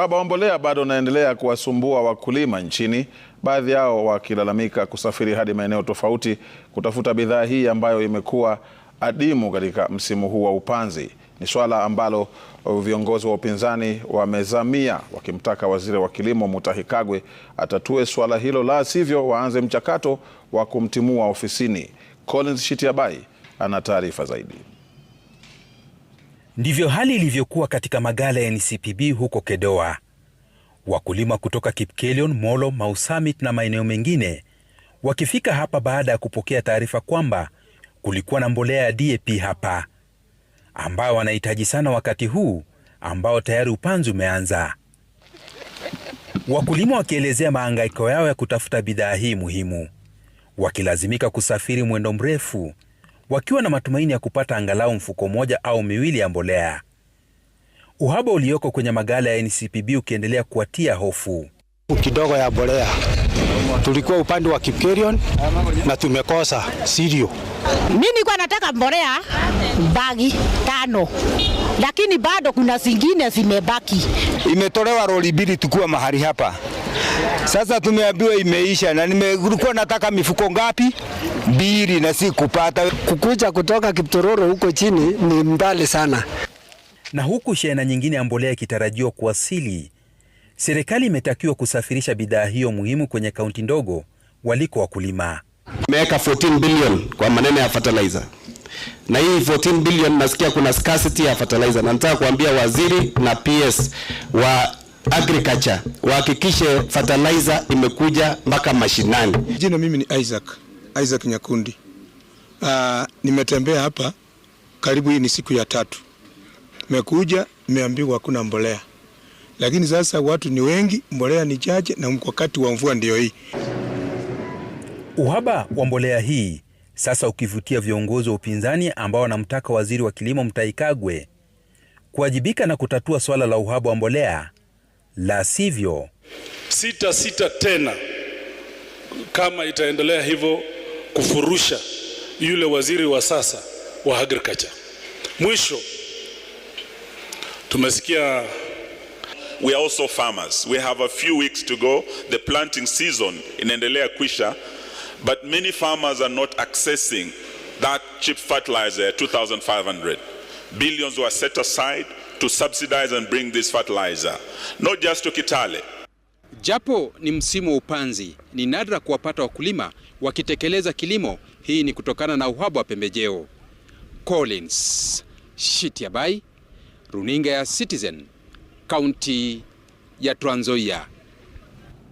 Uhaba wa mbolea bado unaendelea kuwasumbua wakulima nchini, baadhi yao wakilalamika kusafiri hadi maeneo tofauti kutafuta bidhaa hii ambayo imekuwa adimu katika msimu huu wa upanzi. Ni swala ambalo viongozi wa upinzani wamezamia, wakimtaka waziri wa kilimo Mutahi Kagwe atatue swala hilo, la sivyo waanze mchakato wa kumtimua ofisini. Collins Shitiabai ana taarifa zaidi. Ndivyo hali ilivyokuwa katika magala ya NCPB huko Kedoa. Wakulima kutoka Kipkelion, Molo, Mausamit na maeneo mengine wakifika hapa baada ya kupokea taarifa kwamba kulikuwa na mbolea ya DAP hapa ambayo wanahitaji sana wakati huu ambao tayari upanzi umeanza. Wakulima wakielezea maangaiko yao ya kutafuta bidhaa hii muhimu, wakilazimika kusafiri mwendo mrefu wakiwa na matumaini ya kupata angalau mfuko moja au miwili ya mbolea. Uhaba ulioko kwenye magala ya NCPB ukiendelea kuwatia hofu kidogo ya mbolea. Tulikuwa upande wa Kipkerion na tumekosa sirio. Mimi nilikuwa nataka mbolea bagi tano, lakini bado kuna zingine zimebaki. Imetolewa roli mbili tukuwa mahali hapa sasa tumeambiwa imeisha, na nimekuwa nataka mifuko ngapi? Mbili, na si kupata. Kukuja kutoka Kiptororo huko chini ni mbali sana. Na huku shehena nyingine ya mbolea ikitarajiwa kuwasili, serikali imetakiwa kusafirisha bidhaa hiyo muhimu kwenye kaunti ndogo waliko wakulima. Imeweka 14 billion kwa maneno ya fertilizer na hii 14 billion nasikia kuna scarcity ya fertilizer, na nataka kuambia waziri na PS wa agriculture wahakikishe fertilizer imekuja mpaka mashinani. Jina mimi ni Isaac, Isaac Nyakundi. Uh, nimetembea hapa karibu, hii ni siku ya tatu, mekuja nimeambiwa hakuna mbolea, lakini sasa watu ni wengi, mbolea ni chache, na wakati wa mvua ndio hii. Uhaba wa mbolea hii sasa ukivutia viongozi wa upinzani ambao wanamtaka waziri wa kilimo Mutahi Kagwe kuwajibika na kutatua swala la uhaba wa mbolea la sivyo sita sita tena kama itaendelea hivyo kufurusha yule waziri wa sasa wa agriculture. Mwisho tumesikia we are also farmers we have a few weeks to go the planting season inaendelea kwisha but many farmers are not accessing that cheap fertilizer 2500 billions were set aside to subsidize and bring this fertilizer not just to Kitale. Japo ni msimu wa upanzi, ni nadra kuwapata wakulima wakitekeleza kilimo. Hii ni kutokana na uhaba wa pembejeo. Collins Shitiabai, runinga ya Citizen, kaunti ya Trans Nzoia.